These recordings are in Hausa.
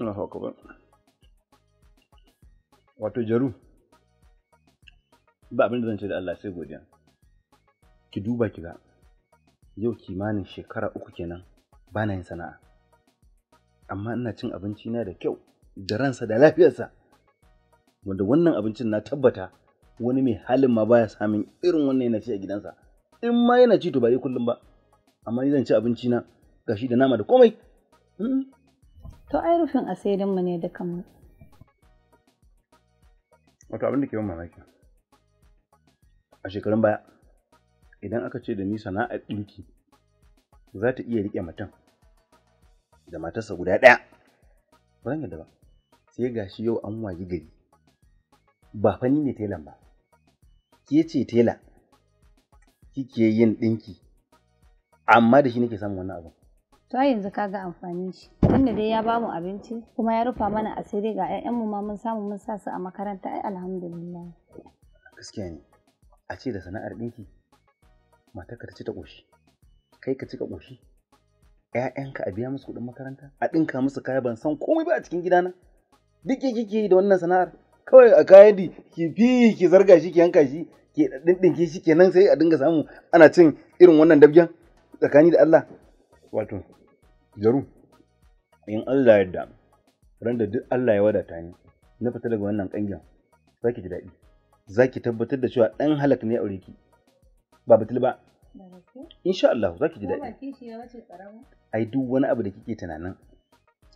Allahu akbar wato jaru ba abin da zan ce da Allah sai godiya ki duba ki ga yau kimanin shekara uku kenan ba na yin sana'a amma ina cin abinci na da kyau da ransa da lafiyarsa wanda wannan abincin na tabbata wani mai halin ma baya samun irin wannan yana ci a gidansa in ma yana ci to ba yi kullum ba amma ni zan ci abinci na gashi da nama da komai hmm? to ai rufin asirinmu ne da kamar wato abin da ke mamaki a shekarun baya idan aka ce da ni sana'ar ɗinki za ta iya riƙe mutum da matarsa guda ɗaya ba zan yadda ba sai ga yau an wagi gari ba fani ne telan ba ke ce tela kike yin ɗinki amma da shi nake samun wani abu to ai yanzu ga amfanin shi tunda dai ya bamu abinci kuma ya rufa mana asiri ga 'ya'yan mu ma mun samu mun sa su a makaranta ai alhamdulillah gaskiya ne a ce da sana'ar ɗinki matarka ta ci ta ƙoshi kai ka ci ka ƙoshi ‘ya'yanka a biya musu kuɗin makaranta a ɗinka musu kaya ban san komai ba a cikin gidana duk ke kike yi da wannan sana'ar kawai a kayan di ki fi ki zarga shi ki yanka shi ki ɗinɗinke shi kenan sai a dinga samu ana cin irin wannan dab'iyan tsakani da Allah wato jaru in Allah ya yarda ran da duk Allah ya wadata ni na fita daga wannan kangin zaki ji daɗi zaki tabbatar da cewa ɗan halak ne aure ki ba batul ba insha Allah zaki ji daɗi ai duk wani abu da kike tunanin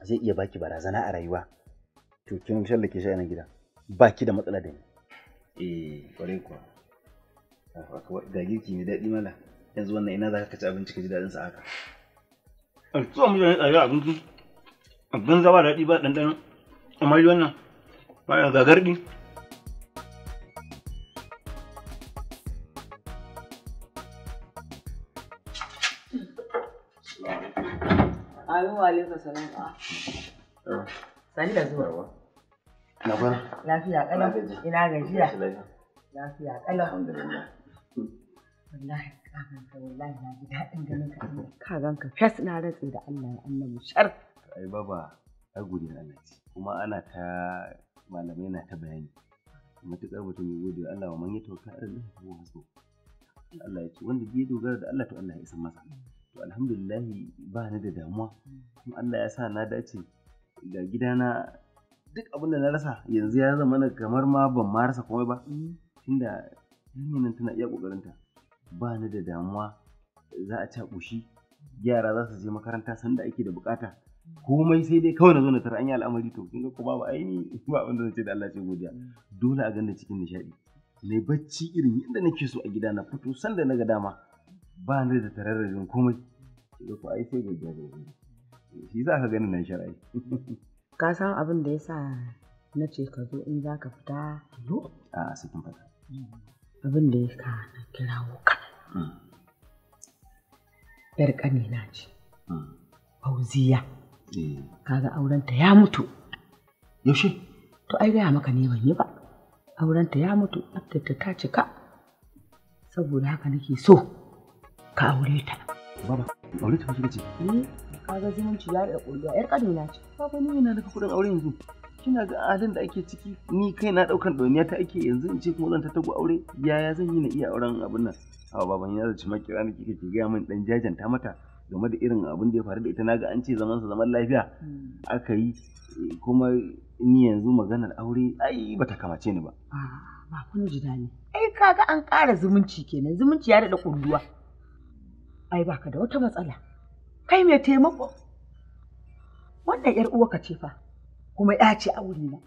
zai iya baki barazana a rayuwa to kin shallake shi a nan gida baki da matsala da ni eh kware kuwa ga girki ne daɗi mala yanzu wannan ina za ka ci abinci ka ji daɗin sa haka a tuwa mutane tsaye a abin zaba daɗi ba ɗanɗano amma yi wannan bayan gagarɗi Amin wa Sani da zuwa. Na Lafiya Ina gajiya. Lafiya Alhamdulillah. Wallahi. tsaganka wallahi na ji daɗin ganin ka gan ka fes na rantsi da Allah ya annabi shar ai baba ai gode Allah kuma ana ta malamai na ta bayani matuƙar mutum ya gode Allah wa man ya tawakkal Allah huwa hasbu Allah ya ce wanda bai dogara da Allah to Allah ya isa masa to alhamdulillah ba ni da damuwa kuma Allah ya sa na dace ga gidana duk abin da na rasa yanzu ya zama na kamar ma ban ma rasa komai ba mm. tunda yanayin tana iya ƙoƙarinta. ba ni da damuwa za a ca yara za su je makaranta sanda ake da bukata komai sai dai kawai na zo na tara an yi al'amari to kin ga ko babu aini ba wanda da zan ce da Allah ce godiya dole a ganna cikin nishadi na bacci irin yadda nake so a gida na fito sanda na ga dama ba ni da tararrajin komai da ku ai sai godiya da godiya shi za ka gani nan shara'i ka san abin da yasa na ce ka zo in za ka fita a sakin fata abin da ya ka na kirawo ka Hmm. yar ƙanina ce hmm. fauziya eh. kaga aurenta ya mutu yaushe to ai gaya maka ne ban yi ba aurenta ya mutu ta ta cika saboda haka nake so ka aure ta baba aure ta kike ce eh, kaga zumunci ya da ƙuriya yar ƙanina ce baba ni na daga kuɗin aure yanzu kina ga halin da ake ciki ni kai na ɗaukan ɗauniya ta ake yanzu in ce kuma zan ta tagu aure yaya zan yi na iya auren abin nan awa baban ya zaci makira ne kike ke gaya min dan jajanta mata game da irin abin da ya faru da ita naga an ce zaman zaman lafiya hmm. aka yi eh, kuma ni yanzu maganar aure ai bata kamace ni ba ba kuma ji dani ai kaga an ƙara zumunci kenan zumunci ya daɗa kulluwa ai baka da wata matsala kai mai taimako wannan yar uwa ka ce fa kuma ya ce a na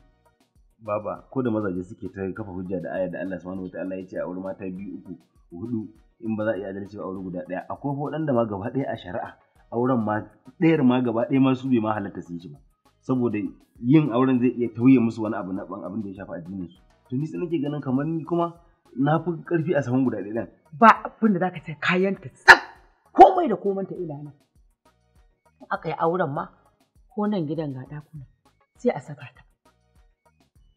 baba ko da mazaje suke ta kafa hujja da ayar da Allah subhanahu wataala ya ce a wurin mata biyu uku hudu in ba za a iya adalci ba aure guda daya akwai waɗanda ma gaba daya a shari'a auren ma ɗayar ma gaba daya ma su bai ma halatta su yi ba saboda yin auren zai iya tauye musu wani abu na ban abin da ya shafa addinin su to ni sai nake ganin kamar ni kuma na fi karfi a saman guda ɗaya ba abin da zaka ce kayan ta tsaf komai da komai ta ina nan aka yi auren ma ko nan gidan ga kuma sai a saka ta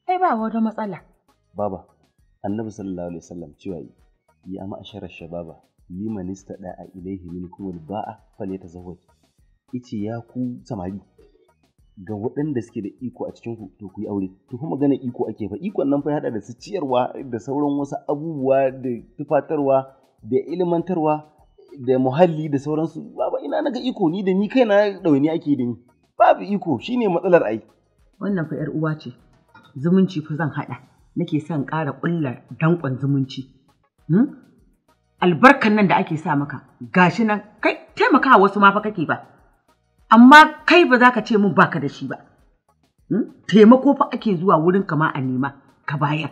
ai ba wata matsala. Baba, annabi sallallahu alaihi wasallam cewa yi ya ma'asharar shababa ɗaya a ilaihi minkum al-ba'a falyatazawwaj. Ice ya ku samari ga waɗanda suke da iko a cikin ku to ku yi aure to kuma magana iko ake fa ikon nan fa da su ciyarwa da sauran wasu abubuwa da tufatarwa da ilmantarwa da muhalli da sauransu baba ina naga iko ni da ni kaina ɗauni ake da ni babu iko shine matsalar ai wannan fa yar uwa ce zumunci fa zan haɗa nake son ƙara ƙulla danƙon zumunci hmm? albarkan nan da ake sa maka ga shi nan kai taimaka wasu ma fa kake ba amma kai ba za ka ce min baka da shi ba hmm? taimako fa ake zuwa wurin kama a nema ka bayar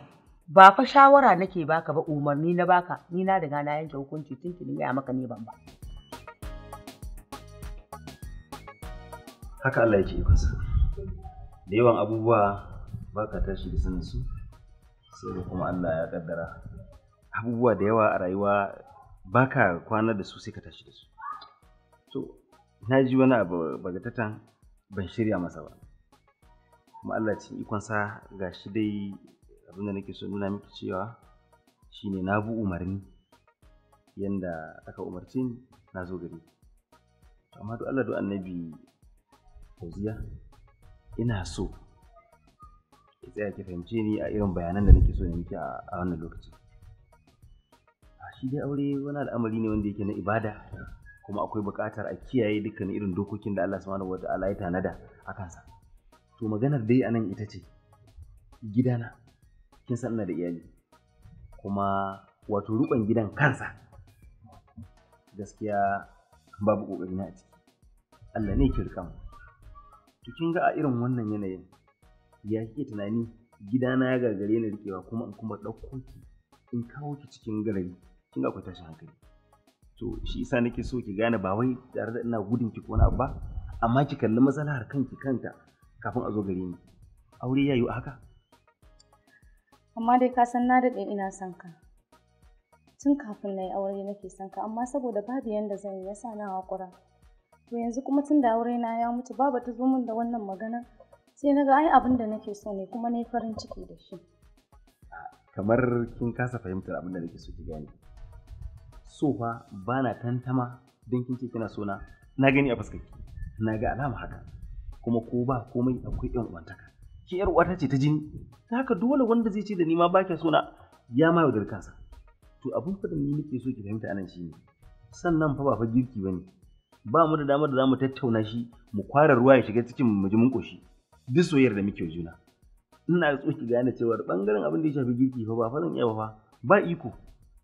ba fa shawara nake baka ba umarni na baka ni na riga na yanke hukunci tun kini ya maka ne ban ba haka Allah yake ikonsa da yawan abubuwa ba ka tashi da sanin su sai da kuma Allah ya kaddara abubuwa da yawa a rayuwa ba ka kwana da su sai ka tashi da su to na ji wani abu bagatatan ban shirya masa ba kuma Allah cikin ikonsa ga shi dai abinda nake so nuna miki cewa shine na bu umarni yanda aka umarce ni na zo gari amma duk Allah duk annabi Fauziya ina so ki tsaya ki fahimce ni a irin bayanan da nake so na miki a wannan lokaci ah, shi dai aure wani al'amari ne wanda yake na ibada kuma akwai buƙatar a kiyaye dukkanin irin dokokin da Allah subhanahu wata'ala ya tanada a kansa to maganar dai anan ita ce gidana kin san ina da iyali kuma wato rukun gidan kansa gaskiya babu ƙoƙari na a ciki Allah ne ki rika mu to kin ga a irin wannan yanayin ya ke tunani gidana ya gagare ni rikewa kuma in kuma ɗauko ki in kawo ki cikin garari kin ga akwai tashin hankali to shi yasa nake so ki gane ba wai tare da ina gudun ki ko wani abu ba amma ki kalli matsalar kanki kanta kafin a zo gare ni aure ya yiwu haka amma dai ka san na daɗe ina son ka tun kafin na yi aure nake son ka amma saboda babu yanda zan yi ya sa na haƙura to yanzu kuma tun da aure na ya mutu babu ta zo min da wannan magana sai na ga ai abin da nake so ne kuma na yi farin ciki da shi kamar kin kasa fahimtar abin da nake so ki gane so fa ba na tantama don kin ce kina sona. na na gani a fuskar na ga alama haka kuma ko ba komai akwai yan uwantaka ki yar uwata ce ta jini ta haka dole wanda zai ce da ni ma ba kya so na ya ma yaudar kansa to abin fa da ni nake so ki fahimta anan shine sannan fa ba fa girki bane ba mu da damar da za mu tattauna shi mu kwara ruwa ya shiga cikin mu ji mun koshi duk soyayyar da muke juna ina so ki gane cewa bangaren abin da ya shafi girki fa ba fa zan iya ba ba iko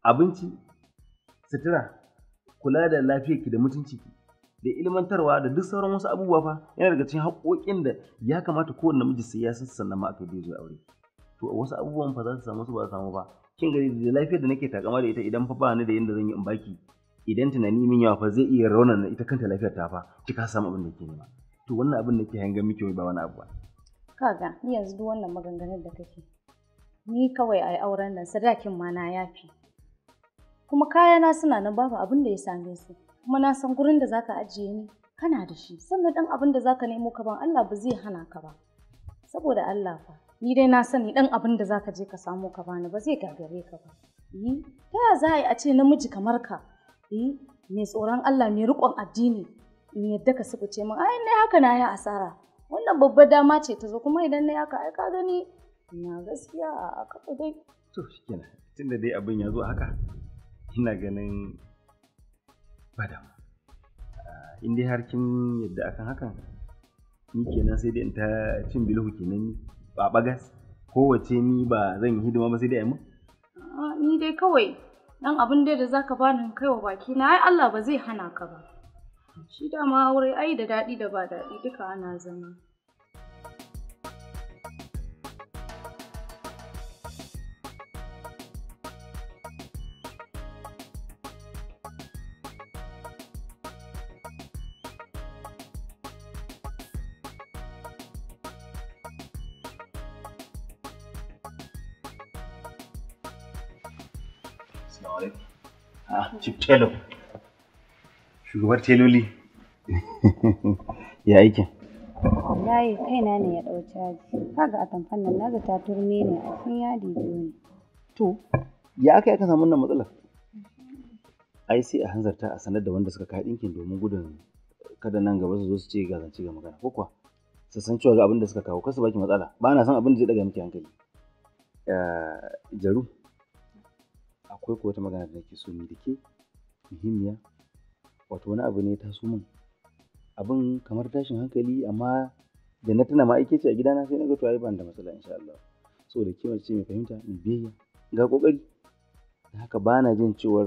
abinci sutura kula da lafiyarki da ki da ilmantarwa da duk sauran wasu abubuwa fa yana daga cikin haƙoƙin da ya kamata kowane namiji sai ya san sannan ma aka zo aure to wasu abubuwan fa za su samu su ba samu ba kin gari da lafiyar da nake takama da ita idan fa ba ni da yanda zan yi in baki idan tunani min yawa fa zai iya raunana ita kanta lafiyar ta fa kika samu abin da ke nema to wannan abin da ke hangen miki wai ba wani abu ba kaga ni yanzu duk wannan maganganun da kake ni kawai a yi auren nan sadakin ma na yafi kuma kayana suna nan babu abin da ya same su kuma na san gurin da zaka ajiye ni kana da shi sannan dan abin da zaka nemo ka ban Allah ba zai hana ka ba saboda Allah fa ni dai na sani dan abin da zaka je ka samu ka bani ba zai gagare ka ba ta za a yi a ce namiji kamar ka mai tsoron Allah mai riƙon addini in yadda ka suka ce min ai ne haka na yi asara wannan babbar dama ce ta zo kuma idan ne haka ai ka gani na gaskiya a kafa dai to shikenan tunda dai abin ya zo haka ina ganin ba dama ah, in dai har kin yadda akan hakan ni kenan sai dai in ta cin bilhu kenan ba bagas kowace ni ba zan yi hidima ba sai dai a yi ni dai kawai dan abin dai da zaka bani kaiwa baki na ai Allah ba zai hana ka ba Shi dama aure ai da daɗi da ba daɗi duka ana zama. Ah, shugabar teloli ya aikin wallahi na ne ya ɗau caji kaga a tamfan nan naga ta turme ne a sun yadi ne to ya aka yi aka samu wannan matsalar ai sai a hanzarta a sanar da wanda suka kai ɗinkin domin gudun kada nan gaba su zo su ce ga zance ga magana ko kuwa su san cewa ga abin da suka kawo kasu baki matsala ba na san abin da zai daga miki hankali jaru akwai ko wata magana da nake so ni da ke muhimmiya wato wani abu ne ta su mun abin kamar tashin hankali amma da na tuna ma'aikaci a gidana sai na ga to ban da matsala insha Allah saboda kima ce mai fahimta mai biyayya ga kokari da haka ba na jin cewar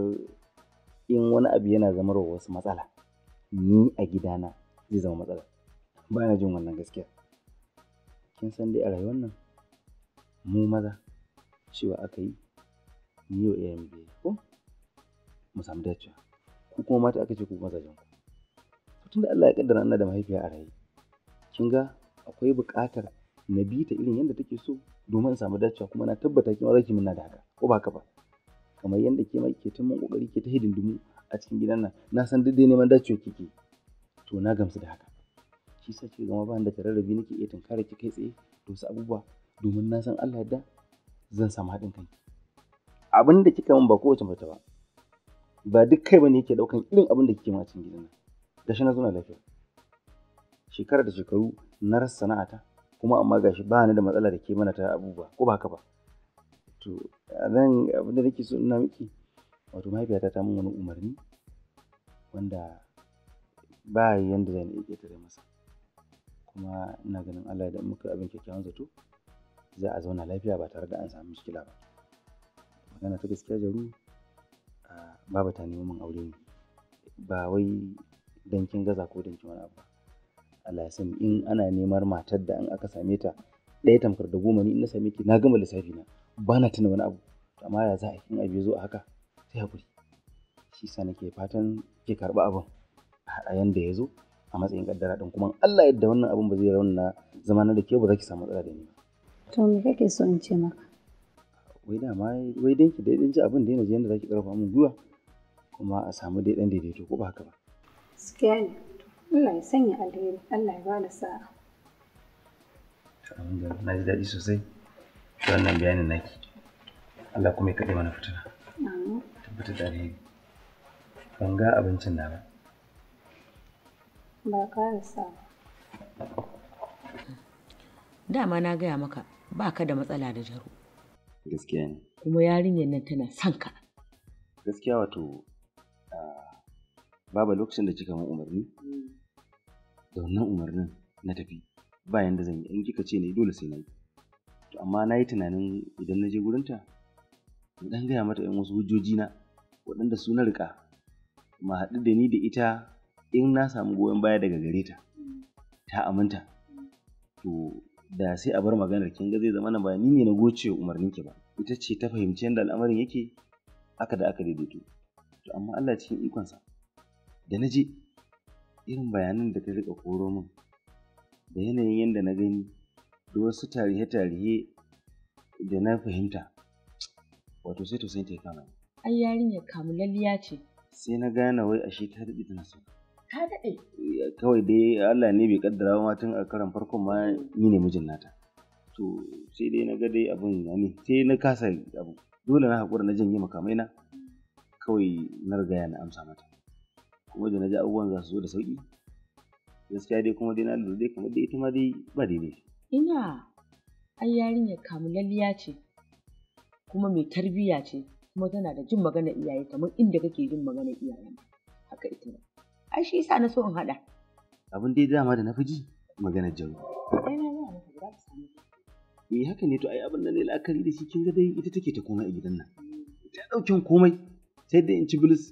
in wani abu yana zama wa wasu matsala ni a gidana zai zama matsala ba na jin wannan gaskiya kin san dai a rayuwar nan mu maza cewa aka yi ni yau biyayya ko mu samu dacewa ku kuma mata aka ce ku mazajen ku tunda Allah ya kaddara ana da mahaifiya a raye kin ga akwai buƙatar na bi ta irin yadda take so domin in samu dacewa kuma na tabbata ki ma zaki minna da haka ko ba ka ba kamar yadda ke ma ke tun kokari ke ta hidindimu a cikin gidan nan na san duk dai neman dacewa kike to na gamsu da haka shi sa ke gama ba da tararrabi nake iya tunkara ki kai tsaye da wasu abubuwa domin na san Allah yadda zan samu haɗin kanki abin da kika min ba kowace mace ba ba duk kai bane yake daukan irin abin da kike ma cikin gidan shi na zauna lafiya shekara da shekaru na rasa sana'ata kuma amma gashi ba ni da matsala da ke mana ta abubuwa ko ba haka ba to zan abin da nake so ina miki wato mahaifiyata ta min wani umarni wanda ba yanda zan iya da masa kuma ina ganin Allah da muka abin kyakkyawan zato za a zauna lafiya ba tare da an samu mushkila ba magana ta gaskiya jaru baba ta nemo min aure ne ba wai dankin gaza ko dankin wani abu Allah ya sani in ana neman matar da in aka same ta ɗaya tamkar da goma ni in na same ki na gama lissafi na ba na tuna wani abu amma ya za a in abu ya zo a haka sai hakuri shi sa nake fatan ki karɓi abin a yanda ya zo a matsayin kaddara din kuma Allah yadda wannan abun ba zai raunana zama na da ke ba za ki samu matsala da ni to me kake so in ce maka wai dama wai dan ki dai dan ji abin da yana yanda zaki karfa min zuwa kuma a samu dai dan daidaito ko ba haka ba gaskiya ne Allah ya sanya alheri Allah ya ba da sa'a na ji daɗi sosai da wannan bayanin naki Allah kuma ya kade mana fitina tabbatar da alheri ban ga abincin na ba ba ka ƙarasa dama na gaya maka ba ka da matsala da jaru Gaskiya ne. Kuma yarinyar nan tana son ka. Gaskiya wato babu lokacin da kika min umarni da wannan umarnin na tafi ba yanda zan yi in kika ce ne dole sai na yi. To amma na yi tunanin idan na je gurinta in dan gaya mata yan wasu hujjoji na waɗanda su na riƙa ma haɗu da ni da ita in na samu goyon baya daga gare ta ta aminta to da sai a bar maganar kin ga zai zama na ba ni ne na goce umarnin ki ba ita ce ta fahimci yadda al'amarin yake aka da aka daidaito to amma Allah cikin ikonsa da na je irin bayanan da ta rika koro min da yanayin yadda na gani da wasu tarihe-tarihe da na fahimta wato sai to sai ta kama ai yarinyar kamulalliya ce sai na gane wai ashe ta daɗe tana so daɗe eh, kawai dai Allah ne bai kaddara ba tun a karan farkon ma ni ne mijin nata to sai dai na ga dai abin ya ne sai na kasa abu dole na haƙura na janye makamai na kawai na riga na amsa mata kuma da na ji abubuwan za su zo da sauƙi gaskiya dai kuma dai na lura dai kamar dai ita ma dai ba daidai ina ai yarinyar kamulalliya ce kuma mai tarbiyya ce kuma tana da jin magana iyaye kamar inda kake jin magana iyaye haka ita ne ai shi yasa na so in haɗa abin dai dama da na fi ji maganar jaru Me eh, haka ne to ai abin da ne la'akari da shi kin ga dai ita take ta komai a gidan nan ta ɗaukin komai sai dai in ci bilis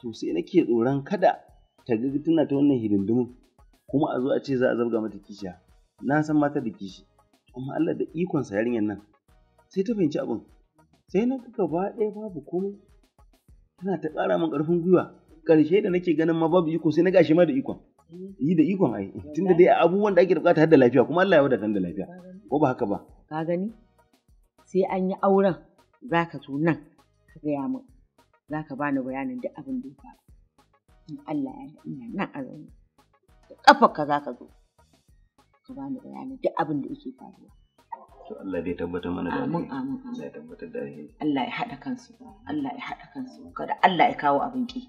to sai nake tsoron kada ta ga tana ta wannan hidindimin kuma a zo a ce za a zabga mata kishiya na san mata da kishi amma Allah da ikon sa yarinyar nan sai ta fahimci abin sai na ga gaba ɗaya babu komai tana ta ƙara min ƙarfin gwiwa karshe da nake ganin ma babu iko sai na gashi ma da ikon yi da ikon ai tunda dai abubuwan da ake bukata har da lafiya kuma Allah ya wadata da lafiya ko ba haka ba ka gani sai an yi auren zaka zo nan ka gaya min zaka bani bayanin duk abin da ya faru in Allah ya yi ina nan a zauna da kafar ka zaka zo ka bani bayanin duk abin da yake faruwa to Allah dai tabbatar mana da amin amin Allah ya tabbatar da Allah ya hada kansu Allah ya hada kansu kada Allah ya kawo abin ki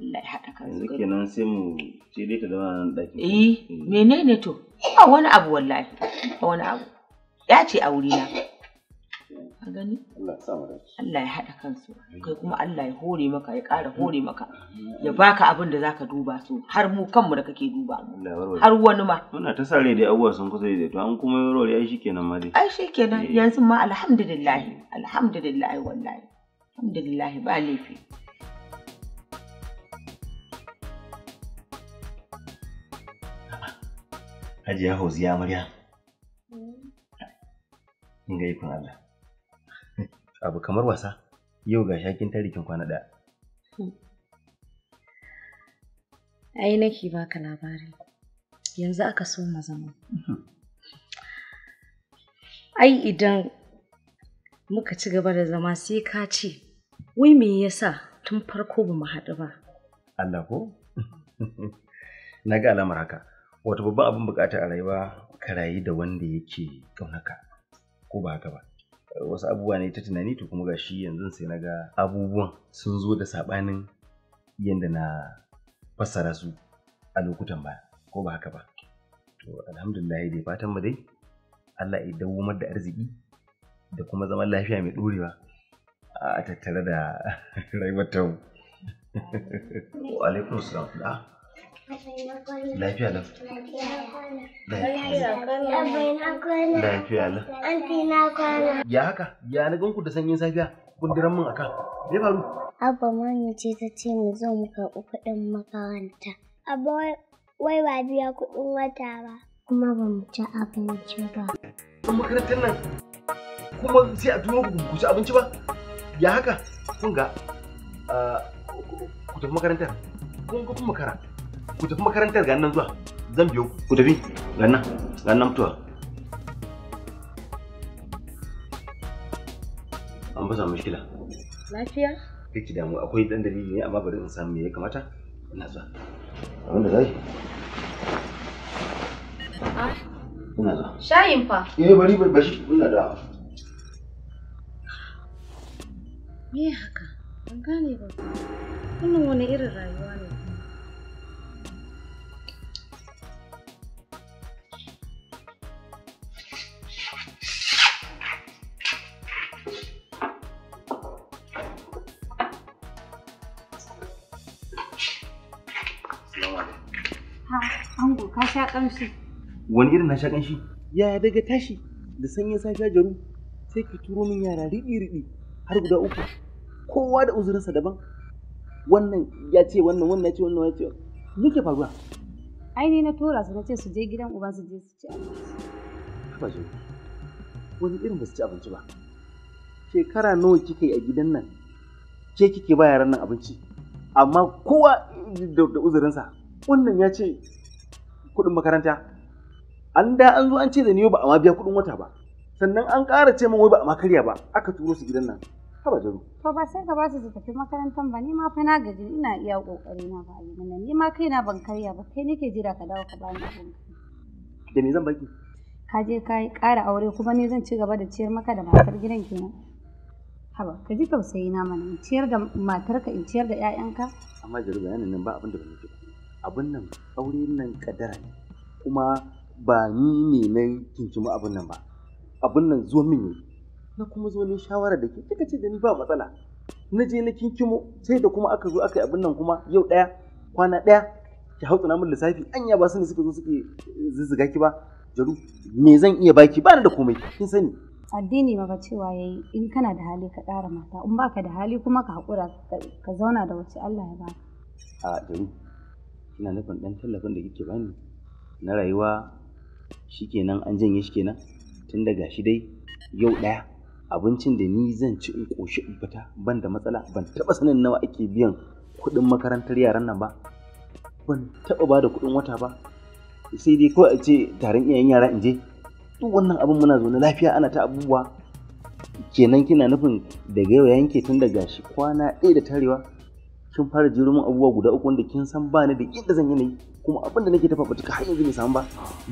Allah haɗa Yanzu kenan sai mu dai ta zama nan ɗakin. Eh, mm. menene to? Ba wani abu wallahi, ba wani abu. Ya ce a Ka gani? Allah ya haɗa kansu. Kai kuma Allah ya hore maka, ya ƙara hore maka. Ya baka abin da zaka duba su, har mu kanmu da kake duba Har wani ma. Muna ta sare abubuwa sun kusa to an kuma yi rori ai shikenan ma dai. Ai shikenan eh. yanzu ma alhamdulillah, alhamdulillah wallahi. Alhamdulillah ba laifi. hajiya hauziya amarya mm. in ga ikon Allah abu kamar wasa yau ga shakin tarikin kwana ɗaya hmm. ai nake baka labari yanzu aka so ma zama ai idan muka ci gaba da zama sai ka ce wai me yasa tun farko ba mu haɗu ba Allah ko na ga alamar haka wato babban abin bukata a rayuwa ka rayu da wanda yake ƙaunaka ko ba haka ba wasu abubuwa ne ta tunani to kuma gashi yanzu sai na ga abubuwan sun zo da saɓanin yadda na fassara su a lokutan baya ko ba haka ba to alhamdulillahi dai fatan mu dai Allah ya dawo da arziki da kuma zaman lafiya mai ɗorewa a tattare da rayuwar tamu. Wa alaikum Lafiya lau. na kwana. Ya haka? Ya da sanyin safiya? Kun diran min Me Abba ta ce mu zo mu kuɗin makaranta. biya kuɗin wata ba. Kuma ba mu ci abinci ba. An makarantar nan? Kuma a turo abinci ba? Ya haka? Ah, tafi makarantar. Kun ga makara. ku tafi makarantar ga nan zuwa zan biyo ku tafi ga nan ga nan mutuwa an fasa mushkila lafiya kake damu akwai dan dalili ne amma bari in samu me ya kamata ina zuwa abin da zai ah. ina zuwa shayin fa eh bari bashi ina da me haka ban gane ba wannan wani irin rayuwa ne kamshi. Wani irin na sha kamshi? Ya daga tashi da sanyin safiya jaru sai ki turo min yara riɗi-riɗi har guda uku. Kowa da uzurinsa daban. Wannan ya ce wannan wannan ya ce wannan ya ce. Me ke faruwa? Ai ne na tura su na ce su je gidan uba su je su ci abinci. Wani irin ba su ci abinci ba. Shekara nawa kika yi a gidan nan? Ke kike ba yaran nan abinci? Amma kowa da uzurinsa. Wannan ya ce kuɗin makaranta an da an zo an ce da niyo ba a ma biya kuɗin wata ba sannan an ƙara ce min wai ba a ma karya ba aka turo su gidan nan haba jaro. to ba sai ka ba su tafi makarantar ba ni ma fa na gaji ina iya kokari na ba yi nan ni ma kaina ban karya ba kai nake jira ka dawo ka ba ni abin da me zan baki ka je ka ƙara aure kuma ni zan ci gaba da ciyar maka da matar gidan kenan haba ka ji tausayi na mana in ciyar da matarka in ciyar da 'ya'yanka amma jaru bayanin nan ba abin da ban yi ba abin nan aure nan kadara ne kuma ba ni ne na kinkimi abin nan ba abin nan zo min ne na kuma zo ne shawara da ke kika ce da ni ba matsala na je na kinkimo sai da kuma aka zo aka yi abin nan kuma yau daya kwana daya ki hautsana min lissafi anya ba su ne suka zo suke zuzzuga ki ba jaru me zan iya baki ba ni da komai kin sani addini ba ba cewa yayi in kana da hali ka ƙara mata in baka da hali kuma ka haƙura ka zauna da wace Allah ya baka a jaru ina nufin ɗan tallafin da kike bani na rayuwa shikenan an janye shi kenan tun daga shi dai yau ɗaya abincin da ni zan ci in ƙoshi in fita ban da matsala ban taɓa sanin nawa ake biyan kuɗin makarantar yaran nan ba ban taɓa ba da kuɗin wata ba sai dai kawai a ce taron iyayen yara in je duk wannan abin muna zaune lafiya ana ta abubuwa kenan kina nufin daga yau yanke tun da shi kwana ɗaya da tarewa kin fara jiro min abubuwa guda uku wanda kin san ba ni da yadda zan yi ne kuma abin da nake tafafa fafutuka har yanzu bai samu ba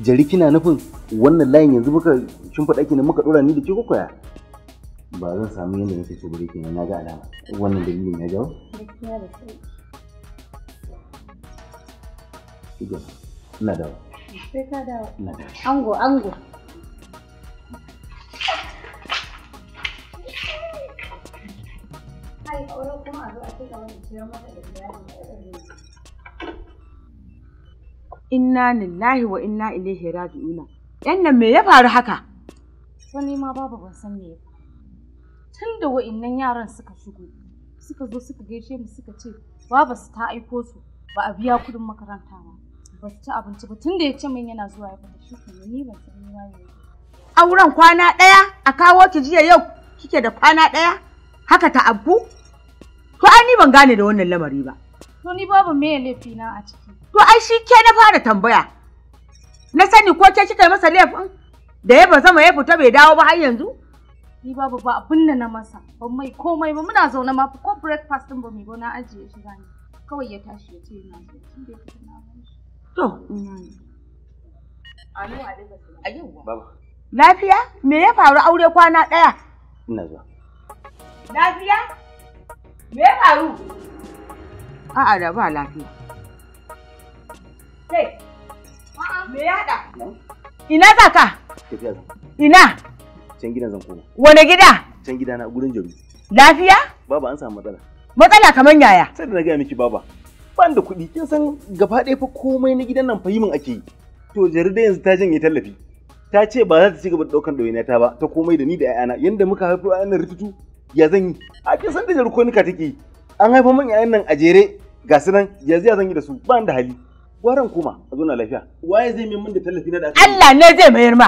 jari kina nufin wannan layin yanzu muka kin faɗa kenan muka ɗora ni da ke ko koya ba zan samu yadda nake so bare kenan na ga alama wannan dalilin ya jawo ina dawo sai ka dawo ango ango Inna lillahi wa inna ilaihi raji'una. Yan nan me ya faru haka? Wani ma babu ban san me ya faru. Tun da wa'innan yaran suka shigo, suka zo suka gaishe mu suka ce baba su ta aiko su ba a biya kudin makaranta ba. Ba su ci abinci ba tun da ya ce min yana zuwa ya fita shi ne ni ban san ya yi. Auren kwana ɗaya a kawo ki jiya yau kike da kwana ɗaya? Haka ta abu? To ai ni ban gane da wannan lamari ba. To ni babu me laifi na a ciki. To ai shi ke na fara tambaya. Na sani ko ke kika masa laifin da ya ba zama ya fita bai dawo ba har yanzu? Ni babu ba abin da na masa. Ban mai komai ba muna zaune ma ko breakfast din ba mu ba na ajiye shi ba ne, Kawai ya tashi ya ce yana so. da To ina ne. Baba. Lafiya? Me ya faru aure kwana ɗaya? Ina zuwa. Lafiya? Me ya faru? A'a da ba lafiya. Kai, me ya haɗa? Ina za ka? Tafiya zan. Ina? Can gidan zan koma. Wane gida? Can gida na gurin jaru. Lafiya? Baba an samu matsala. Matsala kamar yaya? Sai da na gaya miki baba. Ban da kuɗi, kin san gaba ɗaya fa komai na gidan nan fahimin ake yi. To jaru yanzu ta janye tallafi. Ta ce ba za ta ci gaba da ɗaukar ɗawainata ba, ta komai da ni da 'ya'yana yadda muka a 'ya'yana rututu ya zan yi a kin san da jarkonika take an haifa man yayan nan a jere ga su nan yanzu ya zan yi da su ba da hali waran kuma a zo na lafiya waye zai min da tallafi na da Allah ne zai mayar ma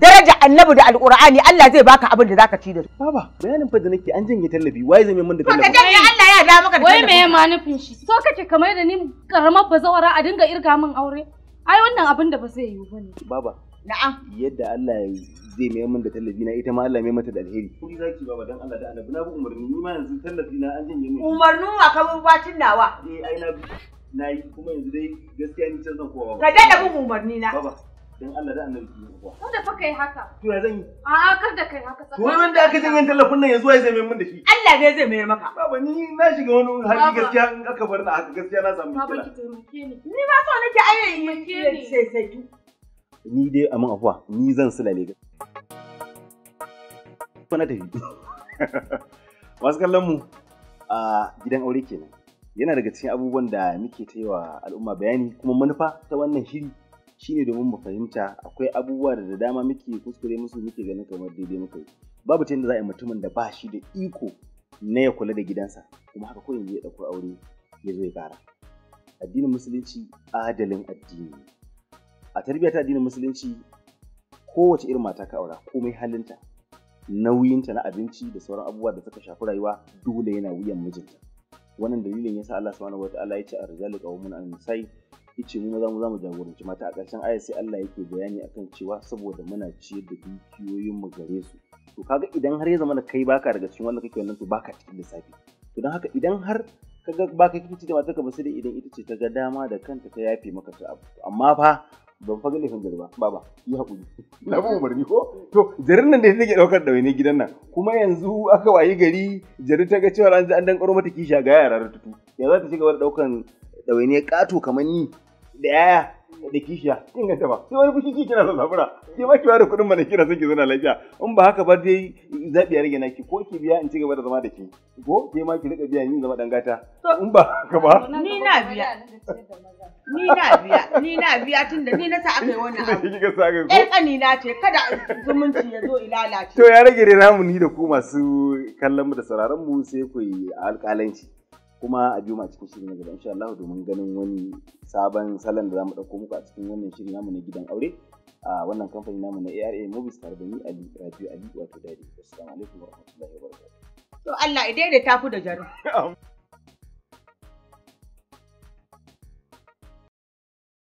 daraja annabi da alqur'ani Allah zai baka abin da zaka ci da su baba bayanin fa da nake an janye tallafi waye zai min da tallafi ka janye Allah ya da maka da tallafi wai me ma nufin shi so kake kamar da ni karamar bazawara a dinga irga min aure Ai wannan abin da ba zai yiwu bane. Baba. Na'am. Yadda Allah ya zai mai min da tallafi na ita ma Allah mai mata da alheri. Kuri zaki baba dan Allah da annabi na bi umarni ni ma yanzu tallafi na an janye min. Umarnin wa ka bubacin nawa. Eh ai na bi na yi kuma yanzu dai gaskiya ni can zan kowa. Ka daɗa bin umarni na. Baba. dan Allah da annabi ki kuwa kada fa kai haka to ya zan yi a kada kai haka to wai wanda aka jin yan tallafin nan yanzu ai zai mai mun da shi Allah ne zai mai maka baba ni na shiga wani hali gaskiya in aka bar na haka gaskiya na samu baba ki taimake ni ni ba so nake ai yi sai sai ni dai a mun afuwa ni zan sulale ne. na tafi wasu kallon mu a gidan aure kenan yana daga cikin abubuwan da muke ta yi wa al'umma bayani kuma manufa ta wannan shiri Shi ne domin mu fahimta akwai abubuwa da dama muke kuskure musu muke ganin kamar daidai muka yi babu ta yadda za a yi mutumin da ba shi da iko na ya kula da gidansa kuma haka ko yanzu ya ɗauko aure ya zo ya kara. addinin musulunci adalin addini a tarbiyyar addinin musulunci kowace irin mata ka aura komai halinta nauyinta na abinci da sauran abubuwa da suka shafi rayuwa dole yana wuyan mijinta wannan dalilin yasa Allah subhanahu ta'ala ya ce arjalu 'ala an nisa'i ice mu za mu za mu jagoranci mata a ƙarshen aya sai Allah yake bayani akan cewa saboda muna ciyar da dukiyoyin mu gare su to kaga idan har ya zama da kai baka daga cikin wanda kake wannan to baka cikin lissafi to don haka idan har kaga baka cikin da ka ba sai dai idan ita ce ta ga dama da kanta ta yafe maka ta abu amma fa ban faga laifin gari ba baba yi hakuri na ba umarni ko to jarin nan da take daukar wani gidan nan kuma yanzu aka wayi gari jari ta ga cewa an ji an dan karo mata kisha ga yara tutu ya za ta ci gaba da daukan ɗawainiyar ƙato kamar ni da yaya da kishiya kin ganta ba sai wani fushi kina son safura ke ma ki da kuɗin mana kina son ki zauna lafiya in ba haka ba dai zabi ya rage naki ko ki biya in ci gaba da zama da ke ko ke ma ki rika biya ni zama dan gata in ba haka ba ni na biya ni na biya ni na biya tun da ni na sa aka yi wannan abu kika sa aka ko na ce kada zumunci ya zo ilalace to ya rage ne namu ni da ku masu kallon mu da sauraron mu sai ku yi alƙalanci kuma a biyu ma cikin shiri na gaba insha Allah domin ganin wani sabon salon da zamu dauko muku a cikin wannan shirin namu na gidan aure a wannan kamfani namu na ARA Movies tare da ni Ali Rabiu Ali wato Dadi assalamu alaikum warahmatullahi wabarakatuh to Allah idai da tafi da jaru